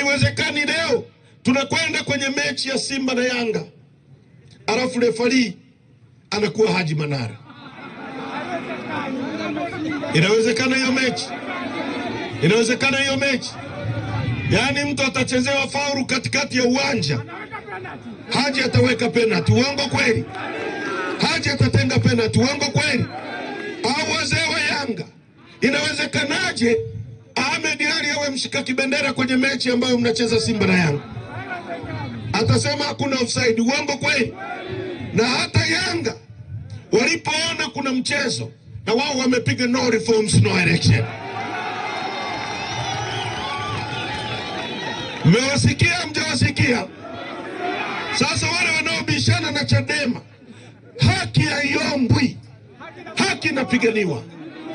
haiwezekani leo tunakwenda kwenye mechi ya Simba na Yanga alafu refari anakuwa Haji Manara. Inawezekana hiyo mechi? Inawezekana hiyo mechi? Yaani mtu atachezewa fauru katikati ya uwanja, Haji ataweka penalti. Uongo kweli? Haji atatenga penalti. Uongo kweli? Au wazee wa Yanga, inawezekanaje wewe mshika kibendera kwenye mechi ambayo mnacheza Simba na Yanga atasema hakuna offside. Uongo kweli? Na hata Yanga walipoona kuna mchezo na wao wamepiga no reforms no election. Mmewasikia mjawasikia? Sasa wale wanaobishana na Chadema, haki haiombwi, haki inapiganiwa,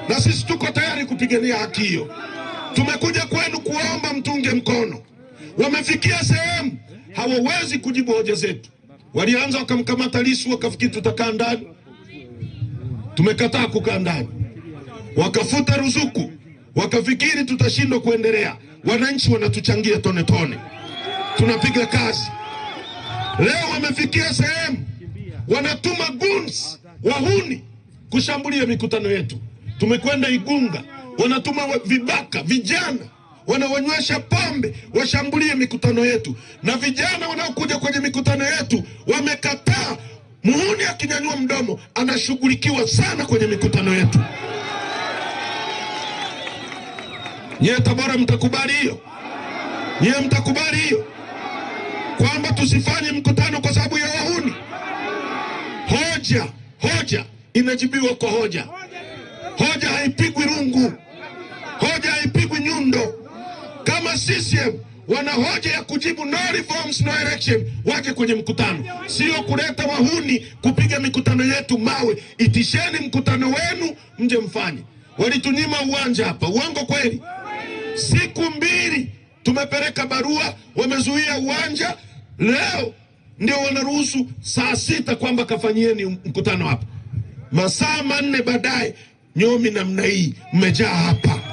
na sisi tuko tayari kupigania haki hiyo. Tumekuja kwenu kuomba mtunge mkono. Wamefikia sehemu hawawezi kujibu hoja zetu. Walianza wakamkamata lisu wakafikiri tutakaa ndani. Tumekataa kukaa ndani, wakafuta ruzuku, wakafikiri tutashindwa kuendelea. Wananchi wanatuchangia tone tone, tunapiga kazi. Leo wamefikia sehemu wanatuma guns wahuni kushambulia mikutano yetu. Tumekwenda Igunga, wanatuma vibaka vijana wanawanywesha pombe washambulie mikutano yetu, na vijana wanaokuja kwenye mikutano yetu wamekataa. Muhuni akinyanyua mdomo anashughulikiwa sana kwenye mikutano yetu. Nyiye Tabora mtakubali hiyo? Nyiye mtakubali hiyo kwamba tusifanye mkutano kwa sababu ya wahuni? Hoja hoja inajibiwa kwa hoja, hoja haipigwi rungu. CCM wana hoja ya kujibu no reforms, no election, waje kwenye mkutano, sio kuleta wahuni kupiga mikutano yetu mawe. Itisheni mkutano wenu mje mfanye. Walitunyima uwanja hapa, uongo kweli? Siku mbili tumepeleka barua, wamezuia uwanja. Leo ndio wanaruhusu saa sita kwamba kafanyieni mkutano hapa. Masaa manne baadaye, nyomi namna hii mmejaa hapa.